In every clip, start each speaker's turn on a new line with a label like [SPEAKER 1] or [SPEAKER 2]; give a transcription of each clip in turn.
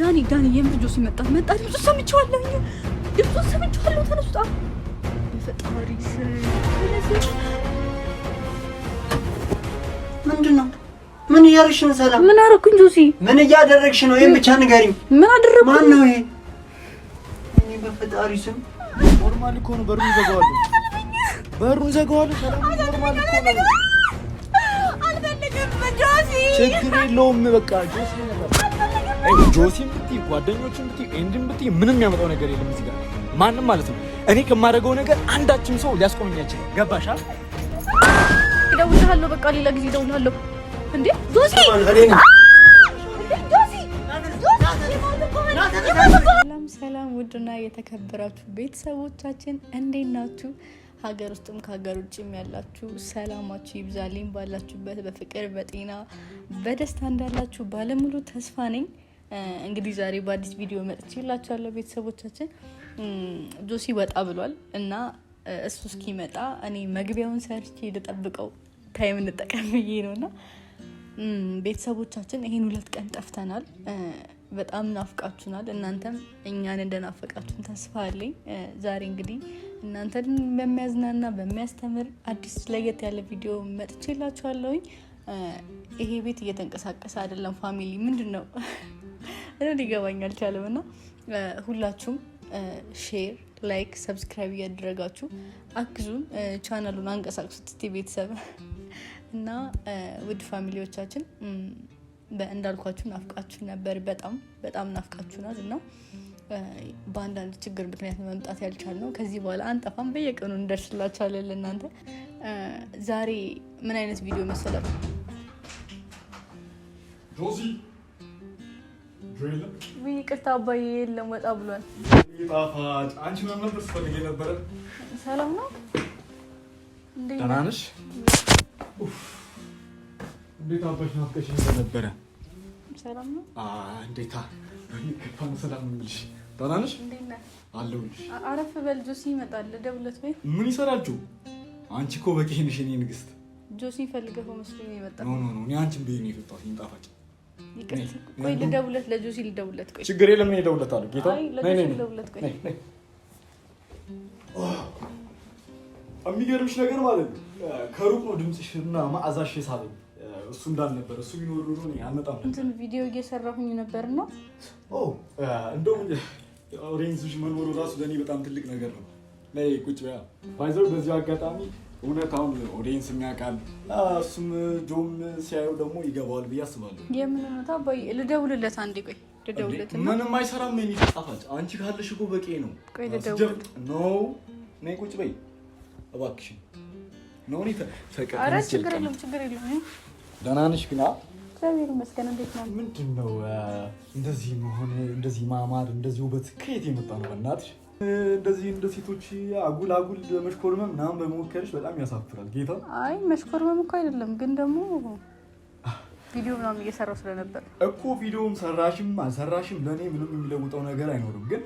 [SPEAKER 1] ዳኒ ዳኒ የምር ጆሲ መጣ መጣ። ድምፁ ሰምቼዋለሁ፣ ድምፁ ሰምቼዋለሁ። ተነሱጣ በፈጣሪ
[SPEAKER 2] ምንድን ነው? ምን እያደረግሽ ነው? ሰላም
[SPEAKER 1] ምን አደረግኩኝ? ጆሲ
[SPEAKER 2] ምን እያደረግሽ ነው? ይሄን ብቻ ንገሪኝ። ምን አደረግኩኝ? ማን ነው ይሄ? እኔ በፈጣሪ ስም
[SPEAKER 3] ኖርማል እኮ ነው። በሩን
[SPEAKER 1] ዘጋዋለሁ፣
[SPEAKER 3] በሩን ዘጋዋለሁ። ሰላም
[SPEAKER 1] ኖርማል እኮ ነው። አልፈልግም ጆሲ፣
[SPEAKER 3] ችግር የለውም በቃ ጆሲ ጆሲም ብትይ ጓደኞችን ብትይ ኤንድን ብትይ ምንም ያመጣው ነገር የለም እዚህ ጋር ማንም ማለት ነው። እኔ ከማደርገው ነገር አንዳችም ሰው ሊያስቆመኝ አይችልም። ገባሻ?
[SPEAKER 1] እደውልልሃለሁ፣ በቃ ሌላ ጊዜ እደውልልሃለሁ። እንዴ ጆሲ ሰላም ሰላም፣ ውድና የተከበራችሁ ቤተሰቦቻችን እንዴት ናችሁ? ሀገር ውስጥም ከሀገር ውጭም ያላችሁ ሰላማችሁ ይብዛልኝ። ባላችሁበት በፍቅር በጤና በደስታ እንዳላችሁ ባለሙሉ ተስፋ ነኝ። እንግዲህ ዛሬ በአዲስ ቪዲዮ መጥቼ እላችኋለሁ ቤተሰቦቻችን። ጆሲ ወጣ ብሏል እና እሱ እስኪመጣ እኔ መግቢያውን ሰርች ልጠብቀው ታይም እንጠቀም ብዬ ነው እና ቤተሰቦቻችን ይሄን ሁለት ቀን ጠፍተናል። በጣም ናፍቃችሁናል። እናንተም እኛን እንደናፈቃችሁን ተስፋ አለኝ። ዛሬ እንግዲህ እናንተን በሚያዝናና በሚያስተምር አዲስ ለየት ያለ ቪዲዮ መጥቼ ላችኋለሁኝ። ይሄ ቤት እየተንቀሳቀሰ አይደለም ፋሚሊ ምንድን ነው እኔ ሊገባኝ አልቻለም። እና ሁላችሁም ሼር፣ ላይክ፣ ሰብስክራይብ እያደረጋችሁ አግዙን፣ ቻናሉን አንቀሳቅሱት እስቲ ቤተሰብ እና ውድ ፋሚሊዎቻችን እንዳልኳችሁ ናፍቃችሁ ነበር። በጣም በጣም ናፍቃችሁናል እና በአንዳንድ ችግር ምክንያት መምጣት ነው። ከዚህ በኋላ አንጠፋም፣ በየቀኑ እንደርስላችኋለን ለእናንተ። ዛሬ ምን አይነት ቪዲዮ መሰላችሁ? ይቅርታ አባዬ፣ የለም ወጣ ብሏል።
[SPEAKER 3] ጣፋጭ አንቺ ሰላም ነው። ደህና ነሽ? እንዴት አባሽ ናፍቀሽ ነበረ። ሰላም ነው። እንዴታ ሰላም ምልሽ። ደህና ነሽ? አለሁልሽ።
[SPEAKER 1] አረፍ በል ጆሲ ይመጣል። ደውለት ወይ
[SPEAKER 3] ምን ይሰራችሁ? አንቺ እኮ በቂ ነሽ የእኔ ንግስት።
[SPEAKER 1] ጆሲ ፈልገው መስሎኝ ነው የመጣው።
[SPEAKER 3] ኖ ኖ ኖ፣ እኔ አንቺን ብዬሽ ነው የፈጣሁት። ጣፋጭ
[SPEAKER 1] ቆይ ልደውለት፣ ለጆሲ ልደውለት። ቆይ
[SPEAKER 3] ችግር የለም እኔ እደውለታለሁ። ጌታ የሚገርምሽ ነገር ማለት ከሩቅ ነው ድምፅሽ እና መዓዛሽ የሳበኝ። እሱ እንዳልነበር እሱ ቢኖር ኖሮ አልመጣም
[SPEAKER 1] እንትን ቪዲዮ እየሰራሁኝ ነበር ነው
[SPEAKER 3] እንደውም ኦሬንጅ መኖሩ ራሱ ለእኔ በጣም ትልቅ ነገር ነው። ቁጭ በያ ባይዘው በዚሁ አጋጣሚ እውነታውን ኦዲየንስ የሚያውቃል። እሱም ጆም ሲያዩ ደግሞ ይገባዋል ብዬ አስባለሁ።
[SPEAKER 1] የምን እውነታ አባዬ? ልደውልለት አንዴ። ቆይ ልደውልለት።
[SPEAKER 3] ምንም አይሰራም። ምን ጣፋጭ፣ አንቺ ካለሽ እኮ በቂ ነው። ቆይ ልደውል ነው። ነይ ቁጭ በይ እባክሽ። ነው እኔ
[SPEAKER 1] ተቀ ችግር የለም ችግር የለም። ደህና ነሽ ግን? እግዚአብሔር ይመስገን። እንዴት ነው?
[SPEAKER 3] ምንድን ነው እንደዚህ መሆን፣ እንደዚህ ማማር፣ እንደዚህ ውበት ከየት የመጣ ነው? በእናትሽ እንደዚህ እንደ ሴቶች አጉል አጉል መሽኮርመም ምናምን በመሞከርሽ በጣም ያሳፍራል። ጌታ
[SPEAKER 1] አይ መሽኮርመም እኮ አይደለም ግን ደግሞ ቪዲዮ ምናምን እየሰራው ስለነበር
[SPEAKER 3] እኮ ቪዲዮም ሰራሽም አልሰራሽም ለእኔ ምንም የሚለውጠው ነገር አይኖርም። ግን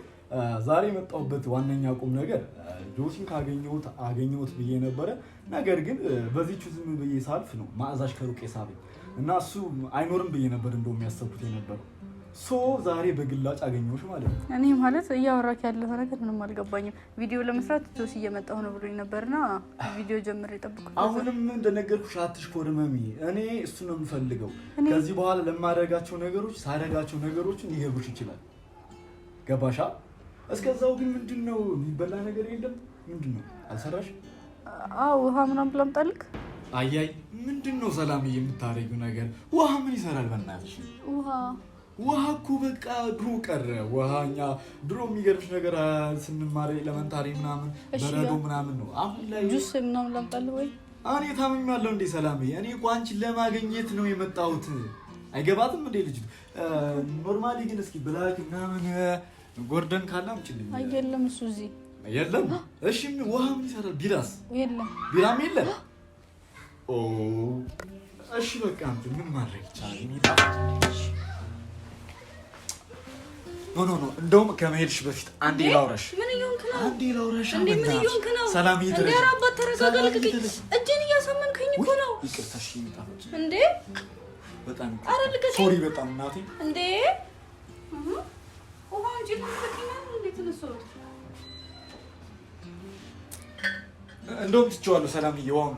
[SPEAKER 3] ዛሬ የመጣሁበት ዋነኛ ቁም ነገር ጆሲን ካገኘሁት አገኘሁት ብዬ ነበረ። ነገር ግን በዚች ዝም ብዬ ሳልፍ ነው ማዕዛሽ ከሩቅ ሳብኝ እና እሱ አይኖርም ብዬ ነበር እንደውም ያሰብኩት የነበረው ሶ ዛሬ በግላጭ አገኘሁሽ ማለት ነው።
[SPEAKER 1] እኔ ማለት እያወራክ ያለው ነገር ምንም አልገባኝም። ቪዲዮ ለመስራት ጆስ እየመጣሁ ነው ብሎኝ ነበርና ቪዲዮ ጀምር የጠብኩት።
[SPEAKER 3] አሁንም እንደነገርኩሽ አትሽኮርመሚ። እኔ እሱን ነው የምፈልገው። ከዚህ በኋላ ለማደርጋቸው ነገሮች ሳደርጋቸው ነገሮችን ሊገብርሽ ይችላል። ገባሻ? እስከዛው ግን ምንድን ነው የሚበላ ነገር የለም? ምንድን ነው አልሰራሽ?
[SPEAKER 1] አዎ ውሃ ምናምን ብላ
[SPEAKER 3] አያይ ምንድን ነው ሰላም የምታደርጊው ነገር? ውሃ ምን ይሰራል? በእናትሽ ውሃ ውሃ እኮ በቃ ድሮ ቀረ። ውሃኛ ድሮ የሚገርምሽ ነገር ስንማር ኤለመንታሪ ምናምን በረዶ ምናምን ነው።
[SPEAKER 1] አሁን ላይ ጁስ ምናምን ላምጣልህ ወይ?
[SPEAKER 3] እኔ ያለው እንዴ ሰላሜ። እኔ እኮ አንቺን ለማግኘት ነው የመጣሁት። አይገባትም እንዴ ልጅ? ኖርማሊ ግን እስኪ ብላክ ምናምን ጎርደን ካለ አምጪልኝ።
[SPEAKER 1] የለም እሱ እዚህ
[SPEAKER 3] የለም። እሺ ውሃ ምን ይሰራል? ቢራስ የለም፣ ቢራም የለም። ኦ እሺ በቃ ምን ማድረግ ይቻላል? ኖ ኖ ኖ፣ እንደውም ከመሄድሽ በፊት አንዴ ላውራሽ። ምን እየሆንክ ነው? አንዴ ላውራሽ።
[SPEAKER 1] ምን እየሆንክ ነው? ሰላም ይድረሽ። እንደ አባት ተረጋጋ። እጄን እያሳመንከኝ እኮ ነው።
[SPEAKER 3] ይቅርታ። እሺ፣ ይመጣለች እንዴ? በጣም ሶሪ። በጣም እናቴ እንዴ እንደውም ትቼዋለሁ። ሰላምዬ፣ ውሃውን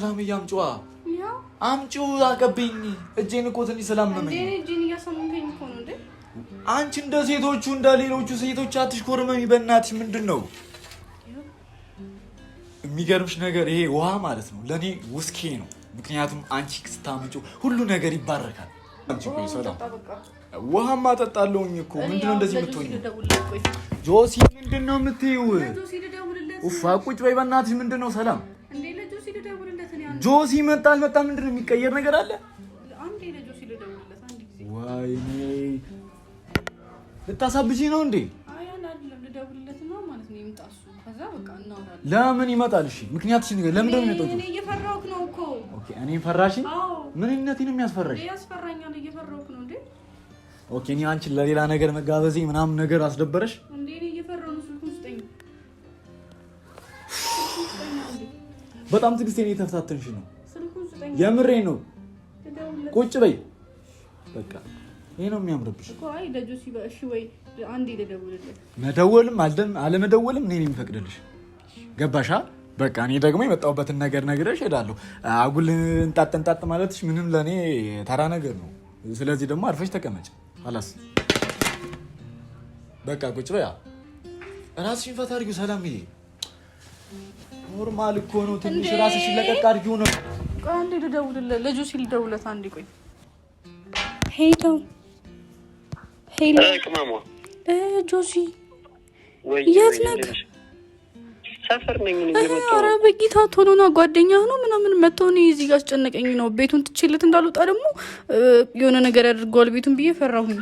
[SPEAKER 3] ሰላምዬ አምጪዋ፣ አምጪው አቀብኝ። እጄን እኮ ትንሽ ስላመመኝ አንቺ እንደ ሴቶቹ እንደ ሌሎቹ ሴቶች አትሽኮርመሚ። በእናትሽ ምንድን ነው የሚገርምሽ ነገር? ይሄ ውሃ ማለት ነው ለእኔ ውስኬ ነው። ምክንያቱም አንቺ ስታመጪው ሁሉ ነገር ይባረካል።
[SPEAKER 1] ውሃማ ጠጣለሁኝ እኮ ምንድነው እንደዚህ የምትሆኝ?
[SPEAKER 3] ጆሲ ምንድን ነው የምትይው? ውፋ ቁጭ በይ በእናትሽ። ምንድን ነው ሰላም ጆሲ መጣ አልመጣ ምንድን ነው የሚቀየር ነገር አለ? ወይኔ ልታሳብጂ ነው እንዴ? ለምን ይመጣል? እሺ ምክንያት እሺ፣ ነገር ለምን ይመጣል?
[SPEAKER 1] እኔ እየፈራሁህ ነው እኮ።
[SPEAKER 3] ኦኬ እኔ ፈራሽ? ነው የሚያስፈራሽ
[SPEAKER 1] ያስፈራኛል። እየፈራሁህ ነው እንዴ?
[SPEAKER 3] ኦኬ እኔ አንቺን ለሌላ ነገር መጋበዜ ምናምን ነገር አስደበረሽ እንዴ? በጣም እኔ እየተፈታተንሽ ነው። የምሬ ነው። ቁጭ በይ በቃ። ይሄ ነው የሚያምርብሽ። መደወልም አለመደወልም እኔ የሚፈቅድልሽ ገባሻ? በቃ እኔ ደግሞ የመጣሁበትን ነገር ነግሬሽ እሄዳለሁ። አጉል እንጣጥ እንጣጥ ማለትሽ ምንም ለእኔ ተራ ነገር ነው። ስለዚህ ደግሞ አርፈሽ ተቀመጭ። አላስ በቃ ቁጭ በያ፣ ራስሽን ፈታ አድርጊው። ሰላም ኖርማል እኮ ነው። ትንሽ ራስሽን ለቀቅ አድርጊው ነው።
[SPEAKER 1] ቆይ አንዴ ልደውልለት፣ ልጁ ሲል አንዴ ቆይ። ሄሎ ሄሎ፣ ጆሲ የት ነህ? ሰፈር በጌታ ቶሎ ና፣ ጓደኛ ነው ምናምን መጥቶ እኔ እዚህ ያስጨነቀኝ ነው። ቤቱን ትችለት እንዳልወጣ ደግሞ የሆነ ነገር ያደርገዋል ቤቱን ብዬ ፈራሁኝ።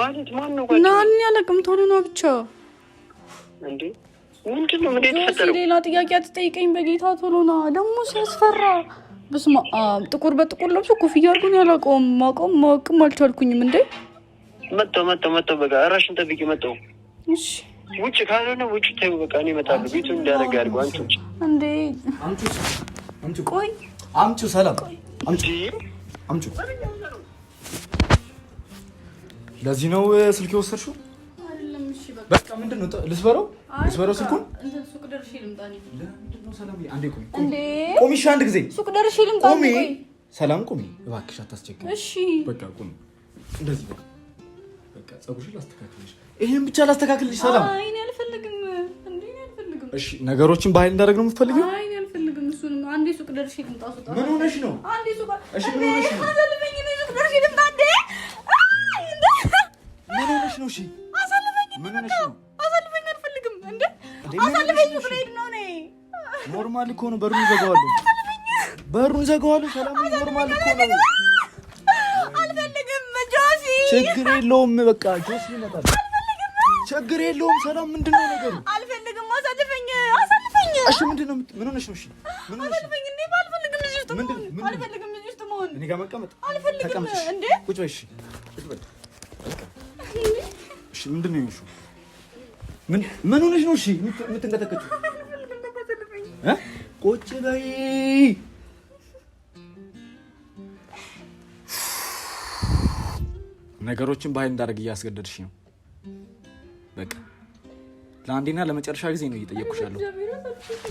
[SPEAKER 2] ማለት ማን ነው?
[SPEAKER 1] ና እኔ አላውቅም። ቶሎ ና ብቻ
[SPEAKER 2] እንዴ ምንድን
[SPEAKER 1] ሌላ ጥያቄ አትጠይቀኝ። በጌታ ቶሎና ና። ደግሞ ሲያስፈራ በስመ አብ። ጥቁር በጥቁር ለብሶ ኮፍያ አድርጎኝ አላውቀውም። ማውቀውም ማወቅም አልቻልኩኝም። እንዴ
[SPEAKER 2] መጣሁ መጣሁ መጣሁ። በቃ እራስሽን ጠብቂ። መጣሁ። ውጭ ካልሆነ ውጭ ተይው። በቃ እኔ እመጣለሁ። ቤቱ እንዳደረገ አድርገው። አንቺ ውጭ
[SPEAKER 1] እንዴ!
[SPEAKER 3] አምጪው፣ ቆይ አምጪው። ሰላም
[SPEAKER 2] አምጪው።
[SPEAKER 3] ለዚህ ነው ስልክ የወሰድሽው? ምንድን ነው ልስበረው? ልስበረው ስልኩን
[SPEAKER 1] ሱቅ ደርሼ ልምጣ። ቆሚ፣ እሺ፣ አንድ ጊዜ ሱቅ ደርሼ ልምጣ። ቆሚ፣
[SPEAKER 3] ሰላም፣ ቆሚ እባክሽ፣ አታስቸግሪ። እሺ፣ በቃ ቆሚ። እንደዚህ በቃ በቃ። ፀጉርሽን ላስተካክልሽ፣ ይሄን ብቻ ላስተካክልሽ። ሰላም፣
[SPEAKER 1] አይኔ አልፈልግም፣ እንዴ እኔ አልፈልግም።
[SPEAKER 3] እሺ፣ ነገሮችን በኃይል እንዳደረግ ነው የምትፈልጊው?
[SPEAKER 1] አይኔ እኔ አልፈልግም። እሱን አንዴ ሱቅ ደርሼ ልምጣ። ሱቅ ምን ሆነሽ ነው? አንዴ ሱቅ እሺ፣ ምን ሆነሽ ነው? ሱቅ ምን ሆነሽ ነው? እሺ ምን ሆነሽ ነው? አሳልፈኝ አልፈልግም። እንዴ አሳልፈኝ ብሎ ነው። እኔ
[SPEAKER 3] ኖርማል እኮ ነው። በሩን ዘጋዋለሁ፣ በሩን ዘጋዋለሁ። ሰላም ኖርማል እኮ ነው።
[SPEAKER 1] አልፈልግም። ጆሲ
[SPEAKER 3] ችግር የለውም። በቃ ጆሲ ይመጣል። ችግር የለውም። ሰላም ምንድን ነው ነገሩ?
[SPEAKER 1] አልፈልግም። አሳልፈኝ፣ አሳልፈኝ።
[SPEAKER 3] እሺ ምንድን ነው? ምን ሆነሽ ነው? እሺ
[SPEAKER 1] ምን ሆነሽ ነው? አልፈልግም። እዚህ ውስጥ መሆን እኔ ጋር መቀመጥ አልፈልግም። እንዴ
[SPEAKER 3] ቁጭ በይ፣ እሺ ቁጭ በይ ምንድን ነው የሚሹ? ምን ምን ሆነሽ ነው? እሺ የምትንቀጠቀጭ? ቁጭ በይ። ነገሮችን በኃይል እንዳደርግ እያስገደድሽ ነው። በቃ ለአንዴና ለመጨረሻ ጊዜ ነው እየጠየቅኩሽ ያለሁት።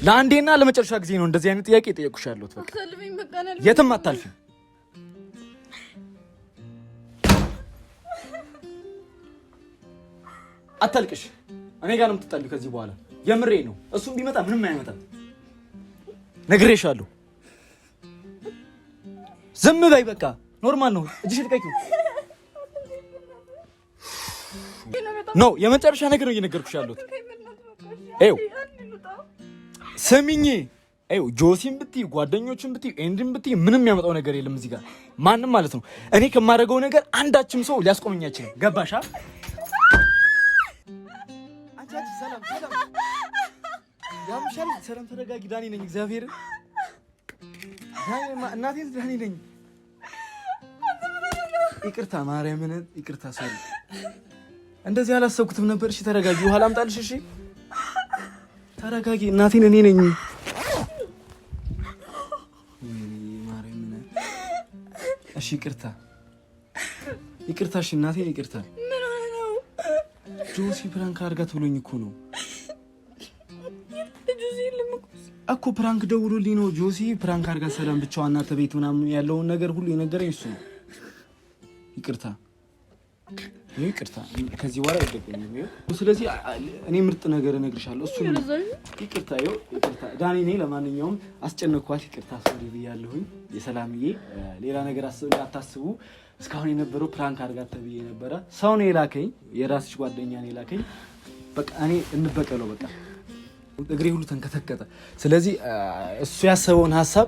[SPEAKER 3] ለአንዴና ለመጨረሻ ጊዜ ነው እንደዚህ አይነት ጥያቄ እየጠየቅኩሽ ያለሁት። በቃ የትም አታልፊም። አታልቅሽ። እኔ ጋር ነው የምትጣሉ ከዚህ በኋላ የምሬ ነው። እሱም ቢመጣ ምንም አይመጣም። ነግሬሻለሁ። ዝም በይ በቃ። ኖርማል ነው። እጅሽ ልቀቂው። ኖ የመጨረሻ ነገር ነው እየነገርኩሽ ያሉት። ይኸው ስሚኝ፣ ይኸው ጆሲን ብትይ ጓደኞችን ብትይ ኤንድን ብትይ ምንም የሚያመጣው ነገር የለም እዚህ ጋር ማንም ማለት ነው። እኔ ከማደርገው ነገር አንዳችም ሰው ሊያስቆመኝ አይችልም። ገባሻ? ሳምሻል ሰላም፣ ተረጋጊ። ዳኒ ነኝ። እግዚአብሔርን እናቴን ዳኒ ነኝ። ይቅርታ፣ ማርያምን ይቅርታ። ሰሪ እንደዚህ አላሰብኩትም ነበር። እሺ ተረጋጊ። ውሃ ላምጣልሽ። እሺ ተረጋጊ። እናቴን እኔ ነኝ። ማርያምን እሺ፣ ይቅርታ፣ ይቅርታ። እሺ እናቴን ይቅርታ። ጆሲ ፕራንክ አድርጋ ትብሎኝ እኮ ነው እኮ ፕራንክ ደውሎልኝ ነው ጆሲ ፕራንክ አድርጋ ሰላም ብቻዋን ናት ቤት ምናምን ያለውን ነገር ሁሉ የነገረኝ እሱ ነው። ይቅርታ ይቅርታ፣ ከዚህ በኋላ አይደለም። ስለዚህ እኔ ምርጥ ነገር እነግርሻለሁ። እሱ ይቅርታ፣ ይቅርታ ዳኒ ነኝ። ለማንኛውም አስጨነኳት፣ ይቅርታ ሶሪ ብያለሁኝ። የሰላምዬ ሌላ ነገር እንዳታስቡ። እስካሁን የነበረው ፕራንክ አድርጋ ተብዬ ነበረ። ሰው ነው የላከኝ፣ የራስሽ ጓደኛ ነው የላከኝ። በቃ እኔ እንበቀለው በቃ እግሬ ሁሉ ተንቀጠቀጠ። ስለዚህ እሱ ያሰበውን ሀሳብ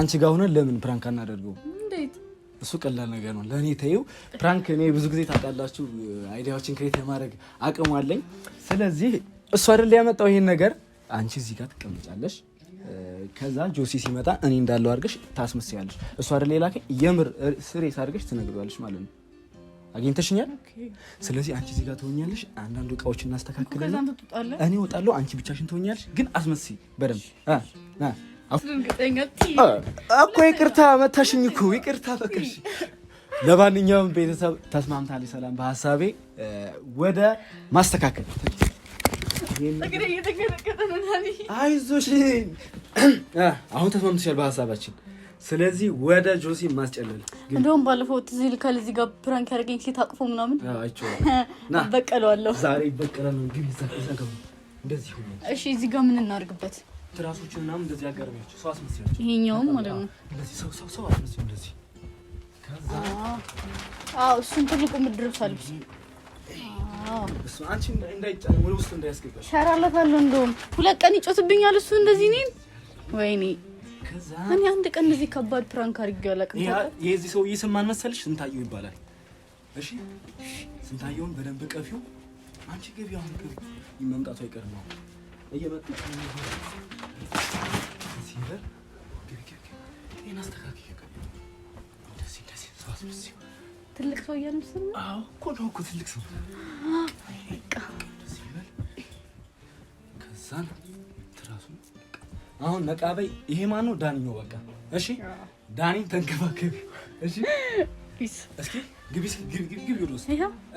[SPEAKER 3] አንቺ ጋር ሆነን ለምን ፕራንክ አናደርገው? እሱ ቀላል ነገር ነው ለእኔ ተይው። ፕራንክ እኔ ብዙ ጊዜ ታውቃላችሁ አይዲያዎችን ክሬት የማድረግ አቅሙ አለኝ። ስለዚህ እሱ አይደል ያመጣው ይሄን ነገር። አንቺ እዚህ ጋር ትቀምጫለሽ፣ ከዛ ጆሲ ሲመጣ እኔ እንዳለው አድርገሽ ታስመስያለሽ። እሱ አይደል የላከኝ የምር ስሬስ አድርገሽ ትነግሪዋለሽ ማለት ነው አግኝተሽኛል። ስለዚህ አንቺ እዚህ ጋር ትሆኛለሽ፣ አንዳንዱ እቃዎች እናስተካክለን፣ እኔ እወጣለሁ፣ አንቺ ብቻሽን ትሆኛለሽ። ግን አስመስይ በደንብ እኮ። ይቅርታ መታሽኝ እኮ ይቅርታ። በቃሽ። ለማንኛውም ቤተሰብ ተስማምታለች ሰላም በሀሳቤ ወደ ማስተካከል አይዞሽ። አሁን ተስማምተሻል በሀሳባችን ስለዚህ ወደ ጆሲ ማስጨለል
[SPEAKER 1] እንደውም ባለፈው ትዝ ይልካል። እዚህ ጋር ፕራንክ ያደረገኝ ሴት አቅፎ ምናምን በቀለዋለሁ።
[SPEAKER 3] ዛሬ ይበቀላል ነው። ግን እንደዚህ
[SPEAKER 1] እሺ፣ እዚህ ጋር ምን እናደርግበት?
[SPEAKER 3] ትራሶቹ ምናምን እንደዚህ አጋርቢያቸው ሰው አስመስያቸው፣
[SPEAKER 1] ይሄኛውም ማለት ነው።
[SPEAKER 3] እንደዚህ ሰው ሰው ሰው አስመስዩ፣ እንደዚህ
[SPEAKER 1] ከዛ አዎ፣ እሱን ትልቁ ምድርብስ
[SPEAKER 3] እሱ አንቺ እንዳይጫ ወደ ውስጥ እንዳያስገባሽ
[SPEAKER 1] ሸራለታለሁ። እንደውም ሁለት ቀን ይጮትብኛል እሱ እንደዚህ እኔን ወይኔ እኔ አንድ ቀን እዚህ ከባድ ፕራንክ አድርጌ አላውቅም።
[SPEAKER 3] የዚህ ሰውዬ ስም ማን መሰልሽ? ስንታየው ይባላል። እሺ ስንታየውን በደንብ ቀፊው። አንቺ ገቢ አሁን ገቢ መምጣቱ አይቀርም። ነው ሲበር
[SPEAKER 1] ትልቅ ሰው እያልን ስል
[SPEAKER 3] እኮ ነው እኮ ትልቅ ሰው ከዛን አሁን ነቃበይ ይሄ ማን ነው? ዳኒ ነው። በቃ እሺ፣ ዳኒ ተንከባከቢ። እሺ፣ ፒስ። እስኪ ግቢ፣ ግቢ፣ ግቢ።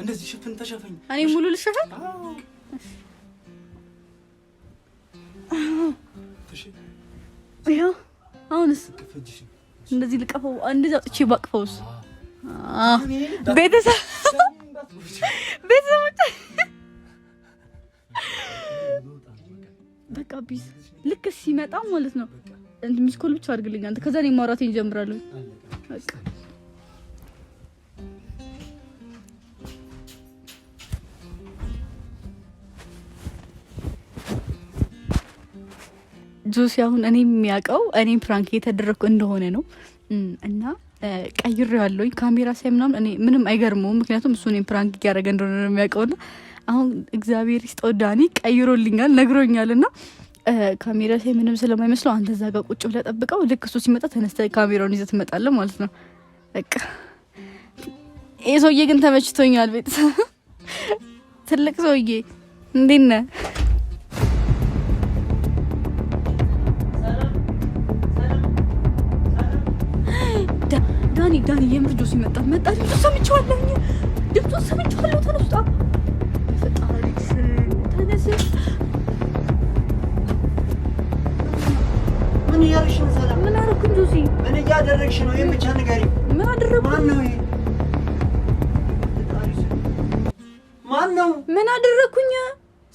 [SPEAKER 3] እንደዚህ ሽፍን ተሸፈኝ።
[SPEAKER 1] እኔ ሙሉ ልሸፈን። አሁንስ እንደዚህ ልቀፈው፣ እንደዚህ አውጥቼ ባቅፈውስ ቤተሰብ ቤተሰቦች በቃ ቢስ ልክ ሲመጣ ማለት ነው ሚስኮል ብቻ አድርግልኝ አንተ። ከዛ እኔ ማውራት እንጀምራለን። በቃ ጆሲ አሁን እኔ የሚያውቀው እኔ ፕራንክ የተደረግኩ እንደሆነ ነው እና ቀይሬዋለሁኝ ካሜራ ሳይ ምናምን እኔ ምንም አይገርመውም። ምክንያቱም እሱ እኔ ፕራንክ እያደረገ እንደሆነ ነው የሚያውቀውና አሁን እግዚአብሔር ይስጠው ዳኒ ቀይሮልኛል፣ ነግሮኛል ና ካሜራ ሳይ ምንም ስለማይመስለው አንተ እዛ ጋር ቁጭ ብለህ ጠብቀው፣ ልክ እሱ ሲመጣ ተነስተ ካሜራውን ይዘህ ትመጣለህ ማለት ነው። በቃ ይህ ሰውዬ ግን ተመችቶኛል። ቤት ትልቅ ሰውዬ እንዴት ነህ? ዳኒ ዳኒ የምር ጆሲ መጣ መጣ። ድምፁን ሰምቼዋለሁ፣ ድምፁን ሰምቼዋለሁ። ተነስቶ
[SPEAKER 2] neredesin? ምን እያደረግሽ ነው? ሰላም
[SPEAKER 1] ምን አደረኩ? ቱሲ
[SPEAKER 2] ምን እያደረግሽ ነው? ይህን ብቻ ንገሪኝ። ምን አደረኩ? ማን ነው ይሄ? ማን ነው?
[SPEAKER 1] ምን አደረኩኝ?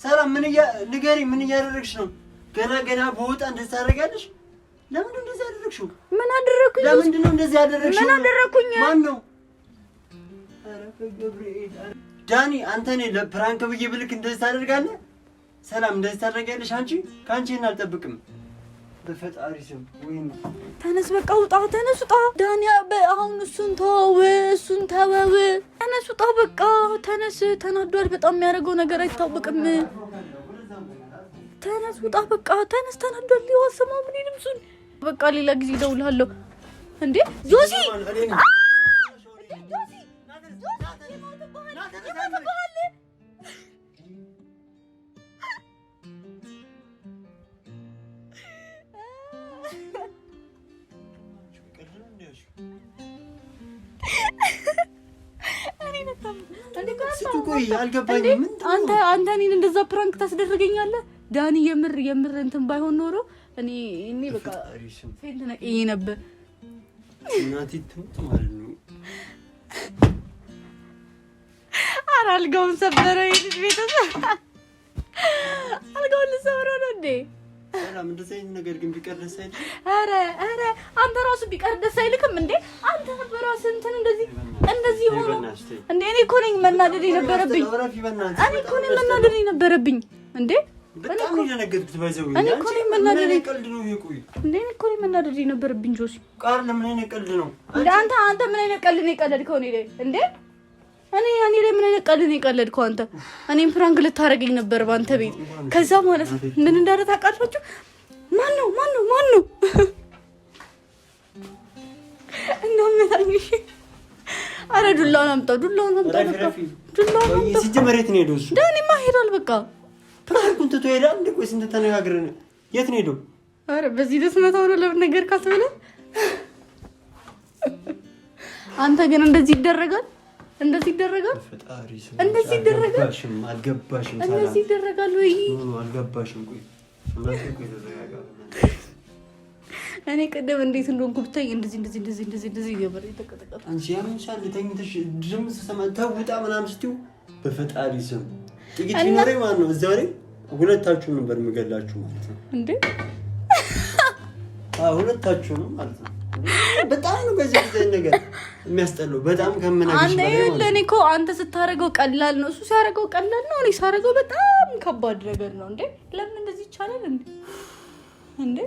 [SPEAKER 2] ሰላም ምን እያ ንገሪኝ። ምን እያደረግሽ ነው? ገና ገና በወጣ እንደዛ ታደርጊያለሽ? ለምንድን ነው እንደዚህ ያደረግሽው?
[SPEAKER 1] ምን አደረኩኝ?
[SPEAKER 2] ለምንድን ነው እንደዚህ ያደረግሽው?
[SPEAKER 1] ምን አደረኩኝ?
[SPEAKER 2] ማን ነው? ኧረ በገብርኤል ዳኒ አንተ እኔ ለፕራንክ ብዬ ብልክ እንደዚህ ታደርጋለህ? ሰላም እንደዚህ ታደርጊያለሽ? አንቺ ከአንቺ ይህን አልጠብቅም። በፈጣሪ ስም ወይኔ፣
[SPEAKER 1] ተነስ፣ በቃ ውጣ፣ ተነስ፣ ውጣ። ዳኒ አሁን እሱን ተወው፣ እሱን ተወው፣ ተነስ፣ ውጣ፣ በቃ ተነስ። ተናዷል በጣም የሚያደርገው ነገር አይታወቅም። ተነስ፣ ውጣ፣ በቃ ተነስ። ተናዷል፣ ሊዋሰማ ምን ይልምሱን። በቃ ሌላ ጊዜ ደውልሃለሁ። እንዴ ዞሲ
[SPEAKER 2] አልገባኝም።
[SPEAKER 1] አንተ አንተ እኔን እንደዛ ፕራንክ ታስደርገኛለህ ዳኒ? የምር የምር እንትን ባይሆን ኖሮ እኔ እኔ በቃ ፌል ነቅዬ ነበር።
[SPEAKER 2] እናቴ ትሙት ማለት ነው።
[SPEAKER 1] ኧረ አልጋውን ሰበረው። ቤተሰብ አልጋውን ልሰብረው ነው እንዴ?
[SPEAKER 2] ሰላም እንደዚህ አይነት ነገር ግን ቢቀር ደስ አይልም።
[SPEAKER 1] ኧረ ኧረ አንተ ራሱ ቢቀር ደስ አይልክም እንዴ? አንተ በራስህ እንትን እንደዚህ እንደዚህ ሆኖ እንዴ? እኔ እኮ ነኝ መናደድ የነበረብኝ። እኔ እኮ ነኝ መናደድ የነበረብኝ እንዴ?
[SPEAKER 2] በጣም እየነገርኩት ባይዘው እኔ እኮ ነኝ መናደድ ቀልድ ነው ይሄ። ቆይ
[SPEAKER 1] እንዴ እኔ እኮ ነኝ መናደድ የነበረብኝ ጆሲ።
[SPEAKER 2] ቃል ለምን አይነት ቀልድ ነው
[SPEAKER 1] እንዴ? አንተ አንተ ምን አይነት ቀልድ ነው የቀለድከው እኔ ላይ እንዴ? እኔ እኔ ለምን ምን አይነት የቀለድከው አንተ? እኔም ፕራንክ ልታረገኝ ነበር በአንተ ቤት። ከዛ ማለት ምን እንዳለ ታውቃላችሁ? ማን ነው ማን ነው ማን ነው እናመታኝ። አረ ዱላውን አምጣው፣ ዱላውን አምጣው፣ በቃ ዱላውን
[SPEAKER 2] አምጣው። ሲጀመር የት ነው ሄደው? እሱ
[SPEAKER 1] ዳኒማ ሄዷል። በቃ
[SPEAKER 2] ፕራንኩን ትቶ ሄዳል። እንደ ቆይ ስንት ተነጋግረን የት ነው ሄደው?
[SPEAKER 1] አረ በዚህ ደስመታ ነው ለምን ነገር ካስብለ አንተ ግን እንደዚህ ይደረጋል? እንደዚህ ይደረጋል። እንደዚህ ይደረጋል።
[SPEAKER 2] አልገባሽም። እንደዚህ
[SPEAKER 1] ይደረጋል ወይ?
[SPEAKER 2] አልገባሽም። ቆይ
[SPEAKER 1] እኔ ቅድም እንዴት እንደሆንኩ ብታይ እንደዚህ እንደዚህ እንደዚህ እንደዚህ እንደዚህ እየበረ የተቀጠቀጠ
[SPEAKER 2] አንቺ ያምሻል። ተኝተሽ ድምፅ ስሰማ ተውጣ ምናምን ስትይው በፈጣሪ ስም ጥቂት ቢኖረኝ ማለት ነው እዛ ላይ ሁለታችሁም ነበር የምገላችሁ ማለት ነው እንዴ? ሁለታችሁንም ማለት ነው በጣም ነው በዚህ ጊዜ ነገር የሚያስጠላው። በጣም ከምናገሽ
[SPEAKER 1] ለእኔ እኮ አንተ ስታደርገው ቀላል ነው፣ እሱ ሲያደርገው ቀላል ነው። እኔ ሳደርገው በጣም ከባድ ነገር ነው። እንዴ ለምን እንደዚህ ይቻላል? እንዴ እንዴ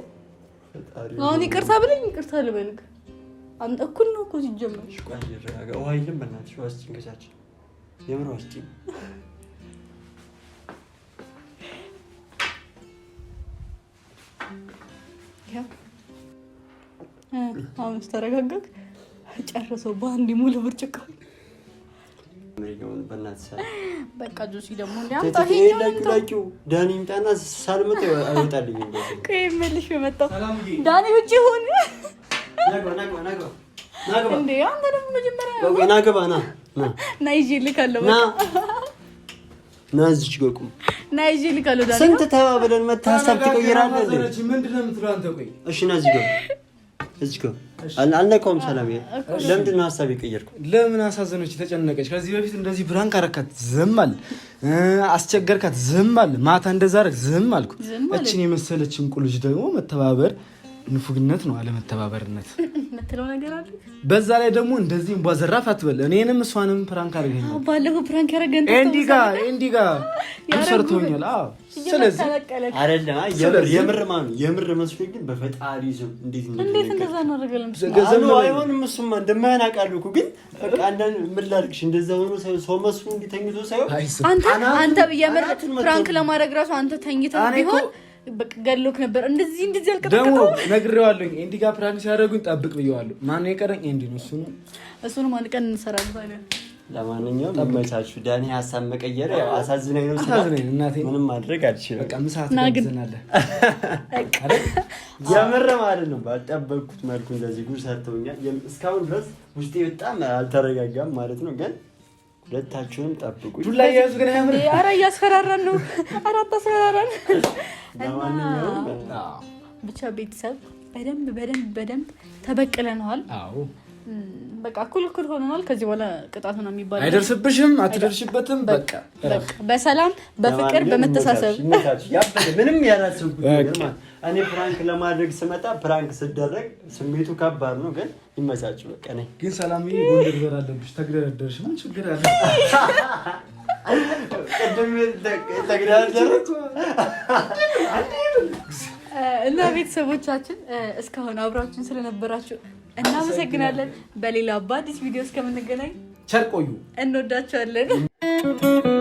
[SPEAKER 1] አሁን ይቅርታ ብለኝ ይቅርታ ልበልግ። አንተ እኩል ነው እኮ ሲጀመር።
[SPEAKER 2] ውሃ በእናትሽ ዋስጭኝ፣ ከቻችን የምር ዋስጭኝ
[SPEAKER 1] Yeah. አሁን ስተረጋገግ ጨርሰው በአንድ ሙሉ ብርጭቆ በቃ ጆሲ ደግሞ
[SPEAKER 2] ዳኒ ምጣና ሳልመጣ አይወጣልኝ።
[SPEAKER 1] መልሽ የመጣው ዳኒ ውጭ ሆን እንዴ? አንተ ደግሞ መጀመሪያ ና ግባ ና ና ይዤ እልካለሁ።
[SPEAKER 2] ና እዚች ገቁም
[SPEAKER 1] ና ይዤ እልካለሁ።
[SPEAKER 2] ስንት ተባብለን መተህ ሀሳብ ትቀይራለህ። እሺ ና እዚህ ገባ እዚህ ጋር አልነካውም። ሰላም ለምንድን ነው ሀሳብ የቀየርከው?
[SPEAKER 3] ለምን አሳዘኖች ተጨነቀች። ከዚህ በፊት እንደዚህ ብራንክ አረካት ዝም አለ፣ አስቸገርካት ዝም አለ፣ ማታ እንደዛ አደረግ ዝም አልኩ። እችን የመሰለች እንቁ ልጅ ደግሞ መተባበር ንፉግነት ነው አለመተባበርነት
[SPEAKER 1] የምትለው ነገር አለ።
[SPEAKER 3] በዛ ላይ ደግሞ እንደዚህ እንቧ ዘራፍ አትበል። እኔንም እሷንም ፕራንክ አድርገኝ
[SPEAKER 1] ባለፈው ፕራንክ ያረገን
[SPEAKER 3] ኤንዲ ጋ ኤንዲ ጋ ሰርቶኛል። ስለዚህ
[SPEAKER 2] አይደለም የምርማ ነው የምር መስሎኝ፣ ግን በፈጣሪ ስም እንዴት
[SPEAKER 1] እንዴት እንደዛ እናደርጋለን?
[SPEAKER 2] አይሆንም። እሱማ እንደማያናቅ አሉ እኮ ግን በቃ አንዳንድ ምን ላድርግሽ፣ እንደዛ ሆኖ ሰው መስሎ እንዲተኝቶ ሳይሆን
[SPEAKER 1] አንተ የምር ፕራንክ ለማድረግ ራሱ አንተ ተኝተህ ቢሆን በቃ ገሎክ ነበር። እንደዚህ እንደዚህ አልቀጠቀጠው
[SPEAKER 3] ደግሞ ነግሬዋለሁኝ። ኤንዲ ጋር ፕራንክ ሲያደርጉኝ ጠብቅ ብየዋለሁ። ማን የቀረኝ? ኤንዲ ነው። እሱ ነው
[SPEAKER 1] እሱ ነው። አንድ ቀን እንሰራለን።
[SPEAKER 2] ለማንኛውም ይመቻችሁ። ዳኒ ሀሳብ መቀየር ያው አሳዝነኝ ነው። አሳዝነኝ እናቴ፣ ምንም ማድረግ አልችልም። በቃ
[SPEAKER 3] ምሳት ጋብዘናለ
[SPEAKER 2] የምር ማለት ነው። ባልጠበቅኩት መልኩ እንደዚህ ጉድ ሰርተውኛል። እስካሁን ድረስ ውስጤ በጣም አልተረጋጋም ማለት ነው ግን ሁለታችሁንም ጠብቁ።
[SPEAKER 3] ዱላ እያያዙ ግን ያምር።
[SPEAKER 1] ኧረ እያስፈራራን ነው። ኧረ አታስፈራራን። ብቻ ቤተሰብ በደንብ በደንብ በደንብ ተበቅለነዋል። በቃ እኩል እኩል ሆነናል። ከዚህ በኋላ ቅጣት ነው የሚባል
[SPEAKER 3] አይደርስብሽም፣ አትደርሽበትም። በቃ
[SPEAKER 1] በሰላም በፍቅር በመተሳሰብ
[SPEAKER 2] ምንም ያላሰብኩት እኔ ፕራንክ ለማድረግ ስመጣ ፕራንክ ስደረግ ስሜቱ ከባድ ነው፣ ግን ይመቻች። በቃ እኔ
[SPEAKER 3] ግን ሰላም ጎንደር አለብሽ ተግደረደርሽ ምን ችግር አለ?
[SPEAKER 1] እና ቤተሰቦቻችን እስካሁን አብራችን ስለነበራችሁ እናመሰግናለን። በሌላ በአዲስ ቪዲዮ እስከምንገናኝ ቸር ቆዩ። እንወዳቸዋለን።